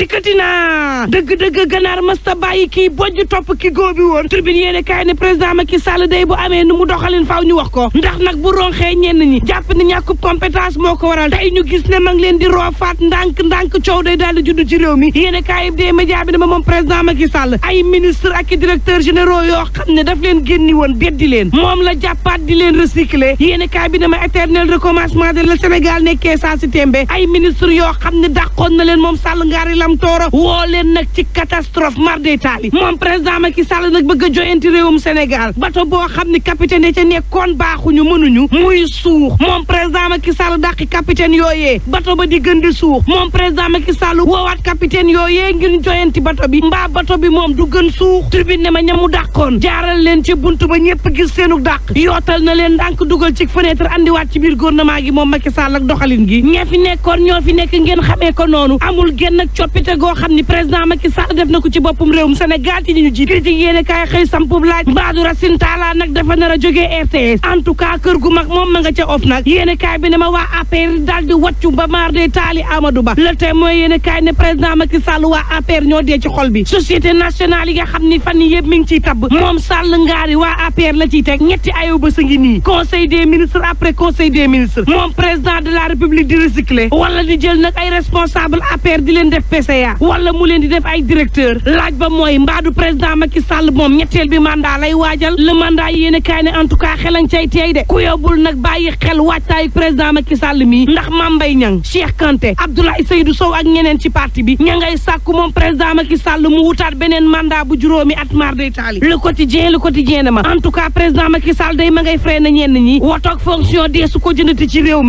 dikkati na dëgg-dëgg ganaar masta bàyyi kii bojj topp ki góobi woon tribune yéene kaay ne président Macky Sall day bu amee nu mu doxalin faaw ñu wax ko ndax nag bu ronxee ñenn ñi jàpp ni ñàkkub compétence moo ko waral tey gis ne ma ngi leen di roofaat ndànk ndànk coow daal di judd réew mi yéene kaay bi dee média bi ne ma moom président Macky Sall ay ministre ak i directeur généraux yoo xam ne daf leen génni woon beddi leen moom la jàppaat di leen recycler yéene bi ne ma éternel recommencement de la Sénégal nekkee saa si tembe ay ministre yoo xam na leen moom Sall ngaari la Matam woo leen nag ci catastrophe mardi taali moom président Macky Sall nag bëgg a joyanti réewum Sénégal bato boo xam ni capitaine ya ca nekkoon baaxuñu mënuñu muy suux moom président Macky Sall dàqi capitaine yooye bato ba di gën di suux moom président Macky Sall woowaat capitaine yooyee ngir joyanti bato bi mbaa bato bi moom du gën suux tribune ne ma ñamu dàqoon jaaral leen ci bunt ba ñëpp gis seenu dàq yootal na leen ndànk dugal ci fenêtre indiwaat ci biir gouvernement gi moom Macky Sall doxalin gi ña fi nekkoon ñoo fi nekk ngeen xamee ko noonu amul genn ak coppite goo xam ni président Macky Sall def na ko ci boppum réewum Sénégal ci ni ñu jiit yéene kaay xëy sampub laaj mbaadu Racine Talla nag dafa nar a jógee RTS en kër gu mag moom ma nga ca of nag yéene kaay bi ne ma waa APR daal di wàccu ba maar de taali Amadou Ba le thème mooy yéene kaay ne président Macky Sall waa APR ñoo dee ci xol bi société nationale yi nga xam ni fan yëpp mi ngi ciy tabb moom Sall ngaari waa APR la ciy ñetti ay PCA wala mu leen di def ay directeur laaj ba mooy mbaadu président Macky sàll moom ñetteel bi mandat lay waajal le mandat yéen a kaay ne en tout cas xelan cay teey de ku yóbbul nag bàyyi xel waajtaayu président Macky sàll mii ndax Mame Mbaye Niang Cheikh Kanté Abdoulaye Seydou Sow ak ñeneen ci parti bi ña ngay sàkk moom président Macky sàll mu wutaat beneen mandat bu juróomi at mar day taali le ko le quotidien ma en tout cas président Macky Sall day ma ngay freiné na ñenn ñi wotoog fonction dee su ko jëndati ci réew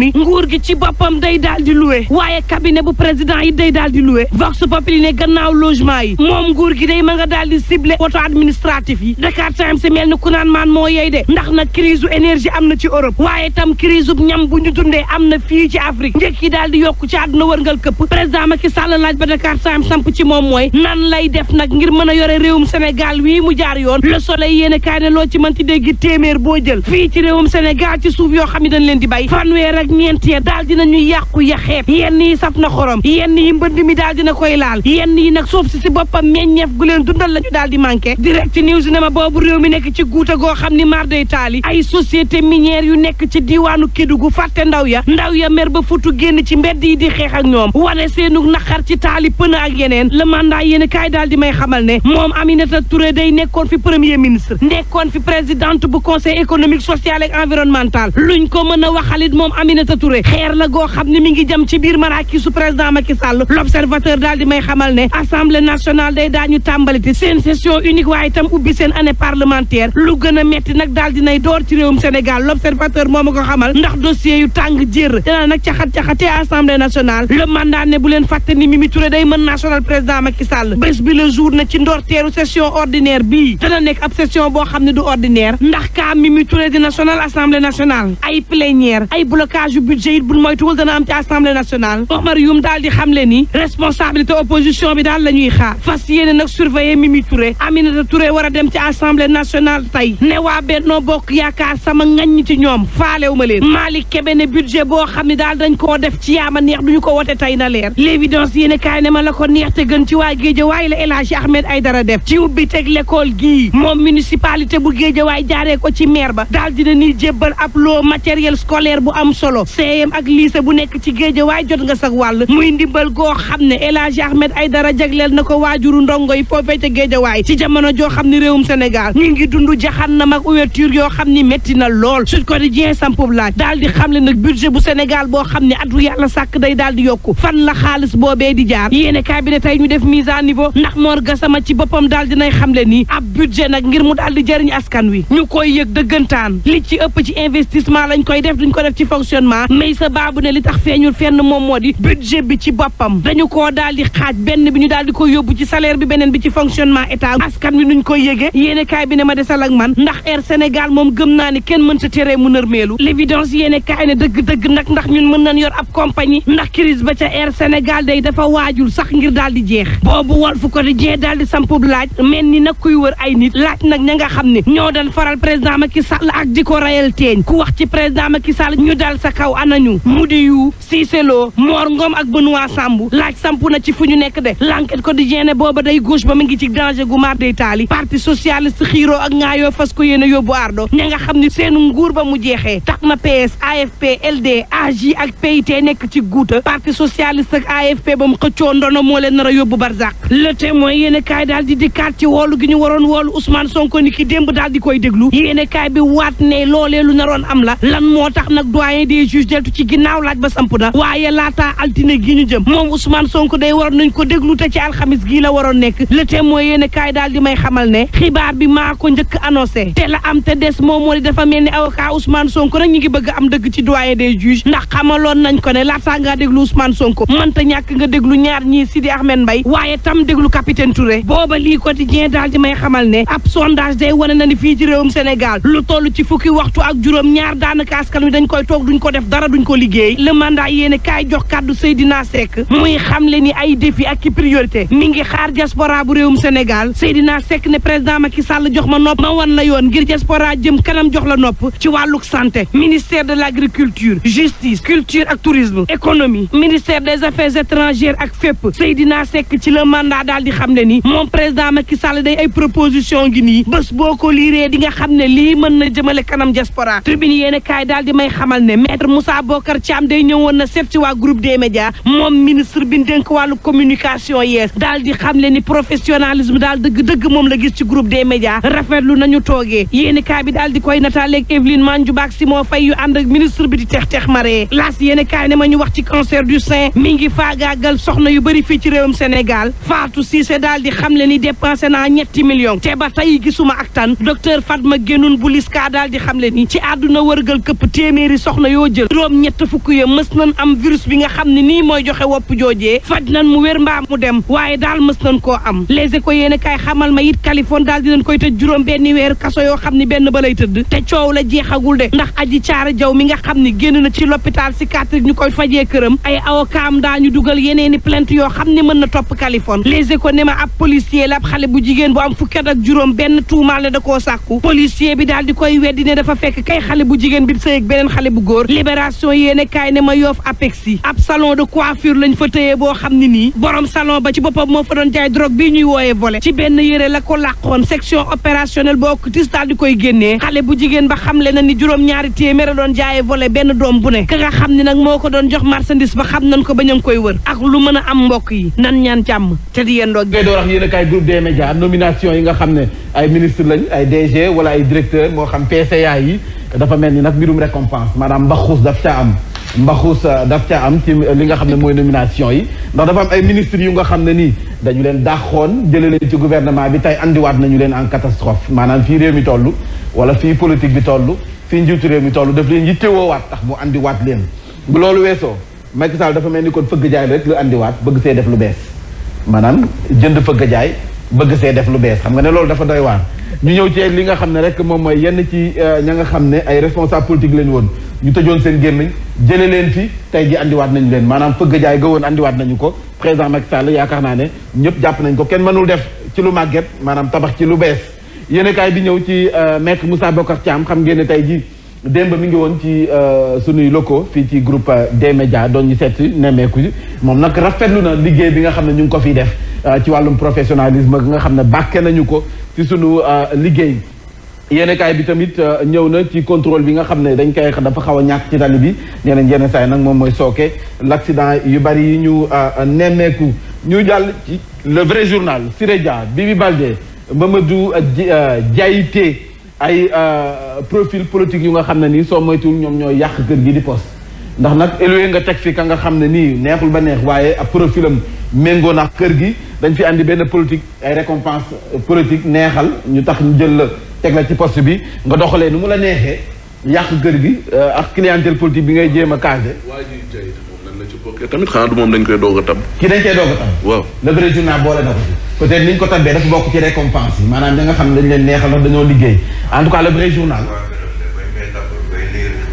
gi ci boppam day daal di loué waaye cabinet bu président yi day daal di vox populi ne gannaaw logement yi moom nguur gi day ma nga daal di ciblé administratif yi Dakar Times mel ni ku naan maan moo yey de ndax nag crise énergie am na ci Europe waaye tam crise bu ñam bu ñu dundee am na fii ci Afrique njëkk yi daal di yokk ci àdduna wërngal këpp président Macky Sall laaj ba Dakar Times samp ci moom mooy nan lay def nag ngir mën a yore réewum Sénégal wii mu jaar yoon Le Soleil yéen a kaay ne loo ci mënti dégg téeméer boo jël fii ci réewum Sénégal ci suuf yoo xam ne dañ leen di bay fanweer ak ñeent ya na xorom yenn yi mbënd mi da koy laal yenn yi nag suuf si si boppam meññeef gu leen dundal la ñu daal di manqué direct news ne ma boobu réew mi nekk ci guuta goo xam ni mar day taali ay société minière yu nekk ci diwaanu diiwaanu gu fàtte ndaw ya ndaw ya mer ba futu génn ci mbedd yi di xeex ak ñoom wane seenu naqar ci taali pëna ak yeneen le mandat yéen kaay daal di may xamal ne moom Aminata Touré day nekkoon fi premier ministre nekkoon fi président bu conseil économique social et environnemental luñ ko mën a waxalit moom Aminata Touré xeer la goo xam ne mi ngi jëm ci biir maraakiisu président Macky Sall l'observateur daal di may xamal ne assemblée nationale day daañu tàmbaliti seen session unique waaye itam ubbi seen année parlementaire lu gën a metti nag daal di nay door ci réewum Sénégal l'observateur moo ma ko xamal ndax dossier yu tàng jër dinaa nag caxat-caxatee assemblée nationale le mandat ne bu leen fàtte ni Mimi Touré day mën national président Macky Sall bés bi le jour na ci ndorteeru session ordinaire bi dana nekk ab session boo xam ne du ordinaire ndax kaa Mimi Touré di national assemblée nationale ay ay blocage yu budget yi buñ moytuwul am ci assemblée nationale Omar Youm daal di xamle ni responsabilité opposition bi daal la ñuy xaar fas yéene nag surveiller Mimi Touré Aminata Touré war a dem ci assemblée nationale tey ne waa Benno Bokk Yaakaar sama ngañ ci ñoom faalewu ma leen Malick Kébé ne budget boo xam ne daal dañ koo def ci yaama neex duñu ko wote tey na leer l'évidence yéene kaay ne ma la ko neex te gën ci waa Géejawaay la El Hadji Ahmed Aïdara def ci ubbi teg l'école gii moom municipalité bu Géejawaay jaaree ko ci maire ba daal dina ni jébbal ab loo matériel scolaire bu am solo CM ak lycée bu nekk ci Géejawaay jot nga sax wàll muy ndimbal goo Elhadji Ahmed Aïdara jagleel na ko waajuru ndongo yi foofee ca Géejawaay ci jamono joo xam ni réewum Sénégal ñu ngi dund jaxannam ak ouverture yoo xam ni métti na lool Sud Quotidien sampub laaj daal di xam le nag budget bu Sénégal boo xam ni atu yàlla sàkk day daal di yokku fan la xaalis boobee di jaar yéene kaay bi ne tey ñu def mise à niveau ndax Mor Gassama ci boppam daal nay xam le nii ab budget nag ngir mu daal di jëriñ askan wi ñu koy yëg dëggantaan li ci ëpp ci investissement lañ koy def duñ ko def ci fonctionnement mais sa baabu ne li tax feeñul fenn moom moo di budget bi ci boppam daal di xaaj benn bi ñu daal di ko yóbbu ci salaire bi beneen bi ci fonctionnement état askan wi nuñ koy yëgee yéene kaay bi ne ma desal ak man ndax Air Sénégal moom gëm naa ne kenn mën sa teree mu nërmeelu l'évidence yéene kaay dëgg nag ndax ñun mën nañ yor ab compagnie ndax crise ba ca Air Sénégal day dafa waajul sax ngir daal di jeex boobu wal fu ko di jeex daal di sampub laaj mel ni nag kuy wër ay nit laaj nag ña nga xam ne ñoo doon faral président Macky Sall ak di ko rayal teeñ ku wax ci président Macky Sall ñu dal sa kaw anañu mu di yu Cissé Lo ngoom Ngom ak Benoît Sambou laaj sampu na ci fu ñu nekk de ko di jeene booba day gauche ba mu ngi ci danger gu mar day taali parti socialiste xiiroo ak ŋaayoo fas ko yéene yóbbu ardo ña nga xam ni seenu nguur ba mu jeexee tax ma PS AFP LD AJ ak PIT nekk ci guuta parti socialiste ak AFP ba mu xëccoo ndono moo leen nar a yóbbu barzak le témoin yéene kaay di dikkaat ci woolu gi ñu waroon woolu Ousmane Sonko ni ki démb daal di koy déglu yéene kaay bi waat ne loolee lu naroon am la lan moo tax nag doyen des juges deltu ci ginnaaw laaj ba samp na waaye laataa altine gi ñu jëm moom Ousmane Sonko day waroon nañ ko déglu te ci alxamis gii la waroon nekk le témoin yéen kaay daal di may xamal ne xibaar bi maa ko njëkk annoncé te la am te des moom moo di dafa mel ni avocat Ousmane sonk nag ñu ngi bëgg am dëgg ci doyen des juges ndax xamaloon nañ ko ne laataa ngaa déglu Ousmane Sonko mënta ñàkk nga déglu ñaar ñii Sidi Ahmed mbay waaye tam déglu capitaine Touré booba lii ko quotidien daal di may xamal ne ab sondage day wane na ni fii ci réewum Sénégal lu toll ci fukki waxtu ak juróom daanaka askan wi dañ koy toog duñ ko def dara duñ ko liggéey le mandat kaay jox kàddu Seydina Seck muy ni ay défi ak ki priorité mi ngi xaar diaspora bu réewum Sénégal Seydina sekk ne président Macky Sall jox ma nopp ma wan la yoon ngir diaspora jëm kanam jox la nopp ci wàlluk santé ministère de l' agriculture justice culture ak tourisme économie ministère des affaires étrangères ak fépp Seydina sekk ci la mandat daal di xam ne nii moom président Macky Sall day ay proposition ngi nii bés boo ko liiree di nga xam ne lii mën na jëmale kanam diaspora tribune yéen kaay daal di may xamal ne maître Moussa Bokar Thiam day ñëwoon na seet ci waa groupe des médias moom ministre bi wàllu communication yees daal di xam le ni professionnalisme daal dëgg-dëgg moom la gis ci groupe des médias rafetlu nañu toogee yéeni kaay bi daal di koy nataaleeg Evelyne Mandiouba ak Simon Faye yu ànd ak ministre bi di tex tex maree laas yéeni kaay ne ma ñu wax ci cancer du sein mi ngi faagaagal soxna yu bëri fii ci réewum Sénégal Fatou Cissé daal di le ni dépensé naa ñetti millions te ba tey gisuma ak tan docteur Fatma Génoun bu Liska daal di ni ci àdduna wërgal yoo jël juróom ñett fukk ya mës nañ bi nga xam ne nii mooy joxe wopp joojee nan mu wér mbaa mu dem waaye daal mës nañ koo am les éco yéen kay xamal ma it Kaliphone daal dinañ koy tëj juróom benn weer kaso yoo xam ni benn ba lay tëdd te coow la jeexagul de ndax aji caara jaw mi nga xam ni génn na ci l'hôpital psychiatrique ñu koy fajee këram ay awokaam daa ñu dugal yeneeni plainte yoo xam ni mën na topp Kaliphone les éco ne ma ab policier la ab xale bu jigéen bu am fukki at ak juróom benn tuumaal ne da koo sàkku policier bi daal di koy weddi ne dafa fekk kay xale bu jigéen bi sëy beneen xale bu góor libération yéene kaay ne ma yoof apex yi ab salon de coiffure lañ fa tëye boo xam ni nii borom salon ba ci boppam moo fa doon jaay drogue bii ñuy wooyee volé ci benn yére la ko làqoon section opérationnelle boo octis daal di koy génnee xale bu jigéen ba xamle na ni juróom-ñaari téeméer doon jaayee volé benn doom bu ne nga xam ne nag moo ko doon jox marchandise ba xam nañ ko ba ñangi koy wër ak lu mën a am mbokk yi nan ñaan jàmm te di yéen doog door wax yéen a kaay groupe des nomination yi nga xam ne ay ministre lañ ay DG wala ay directeur moo xam PCA yi dafa mel ni nag mbirum récompense maanaam mbaxuus daf ca am mbaxus euh, daf ca am ci euh, li nga xam ne mooy nomination yi ndax dafa am ay ministres yu nga xam ne nii dañu leen dàqoon jëlee leen ci gouvernement bi tey andiwaat nañu leen en catastrophe maanaam fii réew mi toll wala fii politique bi toll fii njiitu réew mi toll daf leen waat tax mu andiwaat leen bu loolu weesoo Macky Sall dafa mel ni kon fëgg jaay rek lu andiwaat bëgg see def lu bees maanaam jënd fëgg jaay bëgg see def lu bees xam nga ne loolu dafa doy waar ñu ñëw ci li nga xam ne rek moom mooy yenn ci euh, ña nga xam ne ay responsable politique lañu woon ñu tëjoon seen gémmiñ jële leen fi tey ji àndiwaat nañu leen maanaam fëgg jaay ga woon andiwaat nañu ko président Macky Sall yaakaar naa ne ñëpp jàpp nañ ko kenn mënul def ci lu màgget maanaam tabax ci lu bees yéen kaay bi ñëw ci euh, maître Moussa Bokar Thiam xam ngeen ne tey ji démb mi ngi woon ci euh, sunuy locaux fii ci groupe euh, des médias doon ñu seet nemmeeku moom nag rafetlu na liggéey bi nga xam ne ñu ngi ko fiy def ci wàllum professionnalisme bi nga xam ne bàkke nañu ko ci liggéey yéen bi tamit euh, ñëw na ci contrôle bi nga xam ne dañ koy dafa xaw a ñàkk ci tali bi ñeneen yenn saay nag moom mooy sooke l' yu bari yi ñu euh, nemmeeku ñu jàll ci le vrai journal Siré Dia Bibi Baldé Mamadou euh, Diaité ay profil politique yu nga xam ne nii soo moytuwul ñoom ñoo yàq kër gi di pos ndax nag éloyé nga teg fi ka nga xam ne nii neexul ba neex waaye ab profilam méngoo na kër gi dañ fi àndi benn politique ay récompense politique neexal ñu tax ñu jël la teg la ci poste bi nga doxalee nu mu la neexee yàq kër gi euh, ak clientèle politique bi ngay jéem a casé. waa ji la ci bokkee tamit xanaa moom dañ koy doog a tab. kii dañ koy a le vrai na ko ci peut être ni ko tabbee dafa bokk ci récompense yi maanaam da nga xam ne dañ leen neexal ndax dañoo liggéey en tout cas le vrai journal.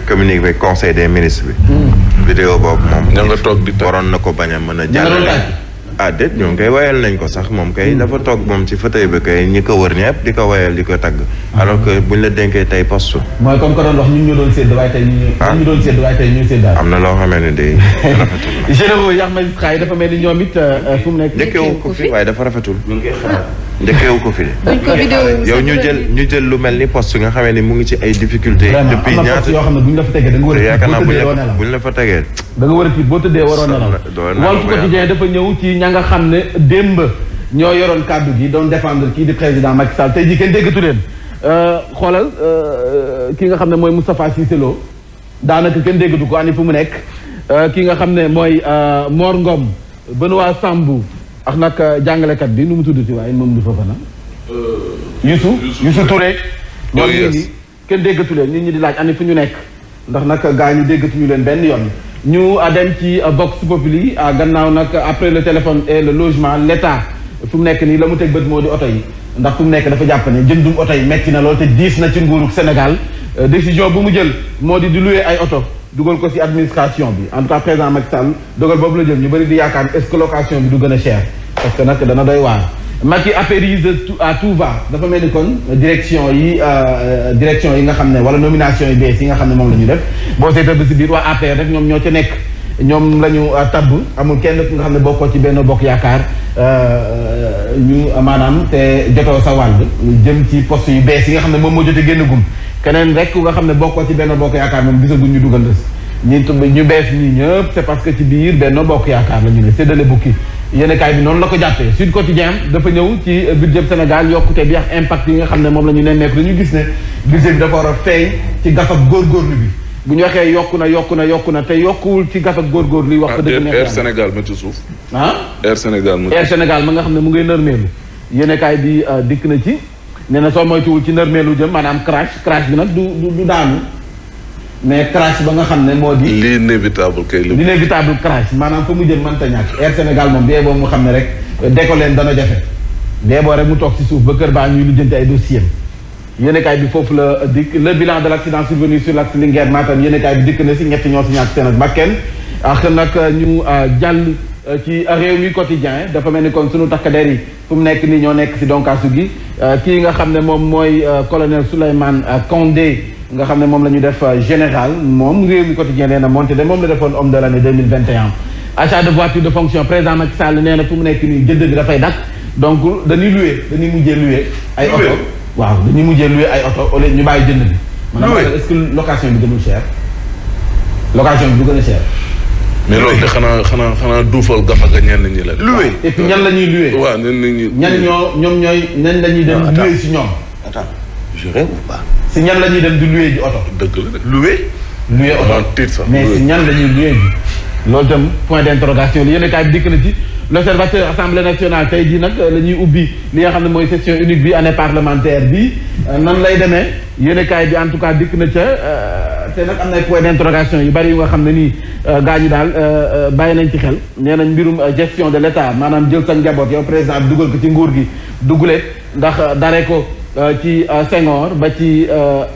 communique bi conseil des ministres bi. Hmm. vidéo boobu moom. ña nga toog di waroon na ko bañ a mën a. jàllale ah déet ñoom kay wayal nañ ko sax moom kay hmm. dafa toog moom ci fauteuil bi kay ñi ko wër ñëpp di ko wayal di ko tagg alors que buñ la dénkee tey postu mooy comme ko doon wax ñun ñu doon sédd waaye tey ah. ñu doon sédd waaye tey ñu sédd am na loo xamee ne day rafetul généraux yi dafa mel ni ñoom it euh, fu mu nekk njëkkewu ko fi waaye dafa rafetul ñu ngi njëkkeewu ko fi de. ko vidéo yow ñu jël ñu jël lu mel ni poste nga xamee ni mu ngi ci ay difficultés. depuis ñaata yoo xam ne buñ la fa tegee da nga war a yaakaar naa buñ war a tiit boo tëddee waroo nelaw. Walf Quotidien dafa ñëw ci ña nga xam ne démb ñoo yoroon kàddu gi doon défendre kii di président Macky Sall tey jii kenn déggatu leen euh, xoolal euh, ki nga xam ne mooy Moustapha Cissé Lo daanaka kenn déggatu ko ani fu mu nekk euh, ki nga xam ne mooy Mor Ngom waa Sambou ak nag euh, jàngalekat bi nu mu tudd ci waaye moom du fafana euh, Youssou Youssou Touré oh, ñoom ñii di kenn déggatu leen nit ñi di laaj ani fu ñu nekk ndax nag gaa ñu déggatuñu leen benn yoon ñu euh, dem ci Vox Populi gannaaw nag après le téléphone et le logement l' état fu mu nekk nii la mu teg bët moo di oto yi ndax fu mu nekk dafa jàpp ne jëndum oto yi metti na lool te diis na ci nguurug senegal décision bu mu jël moo di di loué ay oto dugal ko ci administration bi en tout cas président Macky Sall dogal boobu la jël ñu bëri di yaakaar est-ce bi du gën a cher parce que nag dana doy waar Macky apérise à tout va dafa mel ni kon direction yi euh, euh, direction yi nga xam ne wala nomination yi bees yi nga xam ne moom la ñu def boo seetee ba ci biir waa APR rek ñoom ñoo ca nekk ñoom la ñu euh, tabb amul kenn ku nga xam ne bokkoo ci benn bokk yaakaar ñu maanaam te jotoo sa wàll jëm ci poste yu bees yi nga xam ne moom moo jotee génn gum keneen rek ku nga xam ne bokkoo ci benn bokk yaakaar moom gisaguñ ñu dugal des ñu bees ñi ñëpp c'est que ci biir benn bokk yaakaar la ñu ne séddale bukki yéenekaay bi noonu la ko jàppee Sud Quotidien dafa ñëw ci budget Sénégal yokkute bi ak impact yi nga xam ne moom la ñu leen nekk dañu gis ne budget bi dafa war a feeñ ci gafak góorgóorlu bi bu ñu waxee yokk na yokk na yokk na te yokkuwul ci gafak góorgóorlu yi wax ko dëgg ah, neex Sénégal ma ci suuf ah Air Sénégal ma xam ne mu ngay nërmeelu yéenekaay bi euh, dikk na ci nee na soo moytuwul ci lu jëm maanaam crash crash bi nag du du daanu mais crash ba nga xam ne moo di. l'inévitable kay la. l'inévitable crash maanaam fa mu jëm mënta ñàkk Air Sénégal moom bee boobu mu xam ne rek leen dana jafe bee boo rek mu toog si suuf ba kër baa ñuy lijjanti ay dossiers am yéenekaay bi foofu la dikk le bilan de l' accident survenu sur l'axe Linguère Matam yéenekaay bi dikk na si ñetti ñoo si ñàkk seen ak bakken ak nag euh, ñu euh, jàll. Euh, ci réew mi quotidien dafa mel ni kon sunu takk der yi fu mu nekk nii ñoo nekk si donkaasu gi euh, kii nga xam ne moom mooy euh, colonel Souleymane Condé nga xam ne moom la ñu def général moom réew mi quotidien nee na moonte de moom la defoon homme de l'année 2021 achat de voiture de fonction président Macky Sall nee na fu mu nekk nii jënd bi dafay dakk donc dañuy loué dañuy mujjee loué ay oto waaw dañuy mujjee loué ay oto au ñu bàyyi jënd bi ma est-ce que location bi gënul cher bi du a cher mais loolu de xanaa xanaa xanaa duufal gafaga ñenn ñi la. luwe et puis ñan la ñuy luwe. waaw ñan la ñuy ñan ñoo ñoom ñooy ñan la ñuy dem. luwe si ñoom. attends je rêve si ñan la ñuy dem di luwe ji oto. dëkk la de luwe. luwe oto mais si ñan la ñuy luwe ji. loolu itam point d' interrogation la yéen a na ci. l'observateur assemblée nationale tey jii nag la ñuy ubbi li nga xam ne mooy session unique bi année parlementaire bi euh, nan lay demee yenekaay bi en tout cas dikk na ca euh, te nag am na ay point d'interrogation yu bari yu nga xam ne nii euh, gaa ñi daal bàyyi nañ ci xel nee nañ mbirum gestion de l'État maanaam jël sa njaboot yow président bi dugal ko ci nguur gi duguleet ndax dare ko ci Senghor ba ci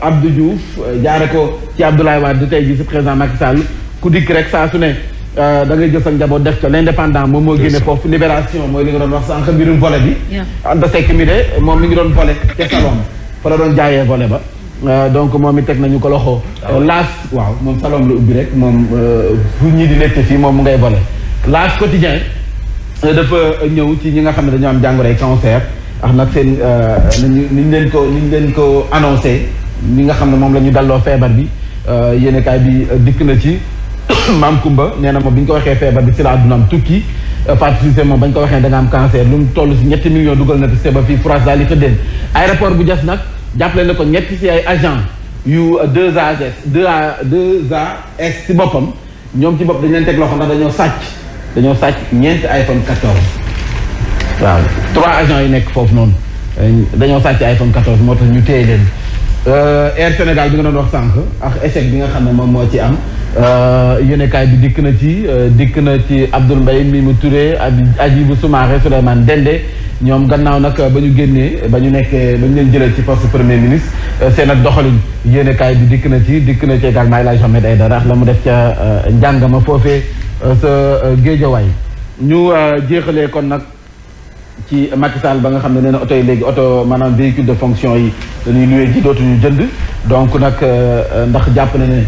Abdou Diouf jaare ko ci Abdoulaye Wade tey jii si président Macky Sall ku dikk rek saa su ne Euh, da ngay jël sa njaboot def ca l' indépendant moom moo génne foofu libération mooy li nga doon wax sànq mbirum volet bi Anta Seck mi de moom mi ngi doon volet te salon la doon jaaye volet ba euh, donc moom it teg nañu ko loxo ah laas waaw moom salon la ubbi rek moom euh, fu ñi di nekk fii moom mu ngay volet laas quotidien dafa ñëw ci ñi nga xam ne dañoo am jàngoroy cancer ak nag seen ni ñu leen ko ñu leen ko annoncé ñi nga xam ne moom la ñu dalloo feebar bi yéene kaay bi dikk na ci maam Kumba nee na ma bi ñu ko waxee feebar bi si la addunaam tukki euh, participé moom ba ñu ko waxee da nga am cancer lu mu toll si ñetti millions dugal na te ba fii France daal di tëddeen aéroport bu jas nag jàppale na ko ñetti si ay agent yu 2AS 2A 2AS si boppam ñoom ci bopp dañ leen teg loxo ndax dañoo sàcc dañoo sàcc ñeenti iPhone 14 waaw trois agents yu nekk foofu noonu dañoo sàcc iPhone 14 moo tax ñu téye leen euh, Air Sénégal bi nga doon wax sànq ak échec bi nga xam ne moom moo ci am Euh, yéenekaay bi dikk na ci euh, dikk na ci Abdoul Mbaye Mimi Touré Hadjibou Soumaré Souleymane Dende ñoom gannaaw nag euh, ba ñu génnee ba ñu nekkee ba ñu leen jëlee ci poste premier ministre seen ak doxalin yéenekaay bi dikk na ci dikk na ci également El Hadj Ahmed Aïdara la mu def ca njàng ma foofee sa géejawaay ñu jeexalee kon nag ci Macky Sall ba nga xam ne nee na oto yi léegi oto maanaam véhicule de fonction yi dañuy luwee ji dootuñu jënd donc nag ndax jàpp na ne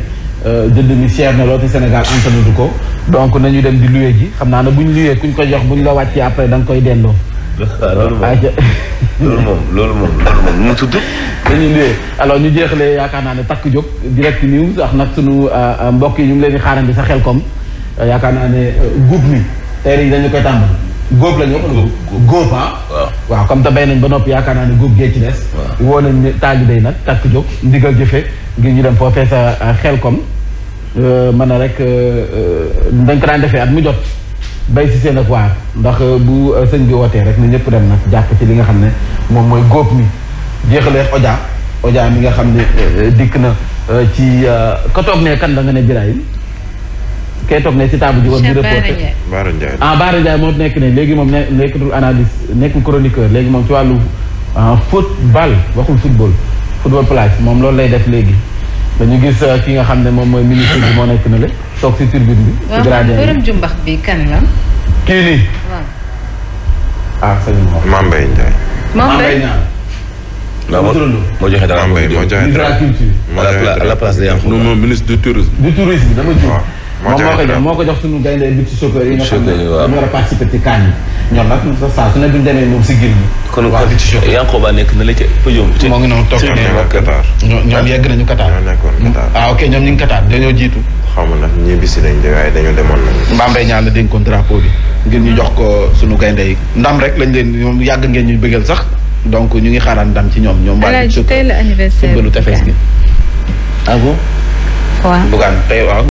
Euh, jënd mi cher na lool te Sénégal antanu ko donc nañu dem di luwe ji xam naa ne buñ luwee kuñ ko jox buñ la wàccee après da nga koy delloo. Ah, loolu moom loolu moom loolu moom loolu moom ñu alors ñu jeexalee yaakaar naa ne takk jóg direct news nag sunu ah, ah, mbokk yi ñu ngi leen di xaarandi sa xel kom euh, yaakaar naa ne euh, guub mi tey rek dañu koy tàmbali. góob la ñu wax. góob ah. waaw comme te bay nañ ba noppi yaakaar naa ne góob gee ci des. waaw woo nañ ne taalibe nag takk jóg ndigal jëfe ngir ñu dem foofee sa xel kom Euh, man a rek euh, euh, dañ ko daan defee at mu jot bay si seen ak waar ndax bu sëñ bi wootee rek na ñëpp dem nag jàpp ci li nga xam ne moom mooy góob mi jeexalee oja oja mi nga xam ne dikk na ci ka toog ne kan da nga ne Birahim kee toog ne ci taabu ji war di reporté Baara ah, Ndiaye moo nekk ne léegi moom ne nekkatul analyste nekku chroniqueur léegi moom ci wàllu ah, football waxul football football place moom loolu lay def léegi dañu gis euh, ki nga xam ne moom mooy ministre bi moo nekk na le toog si turbine bi. ci gradin bi waaw jumbax bi kan la. kii nii. waaw. ah sëñ bi. Mame Mbaye Ndiaye. Mame Mbaye Niang. non moo joxe dara moo joxe dara à la place de non non ministre du moo ko jox moo ko jox suñu gaynde bi ci chauffeur yi nga xam ne. ñu ñoom nag saa su ne bu ñu demee moom si gil bi. kon Yankoba nekk na la ca pëjoom. ci moo ngi noonu toog ñoom yegg nañu Qatar. ñoo nekkoon Qatar ah ok ñoom ñu ngi Qatar dañoo jiitu. xaw ma nag ñibbisi demoon nañ. Mbaye Mbaye ñaan la dénkoon drapeau bi ngir ñu jox ko sunu gaynde yi ndam rek lañ leen ñoom yàgg ngeen ñu bëggal sax donc ñu ngi xaaraan ndam ci ñoom. ñoom waa tey la anniversaire bi tefes gi ah bon. waaw bugaan tey waaw.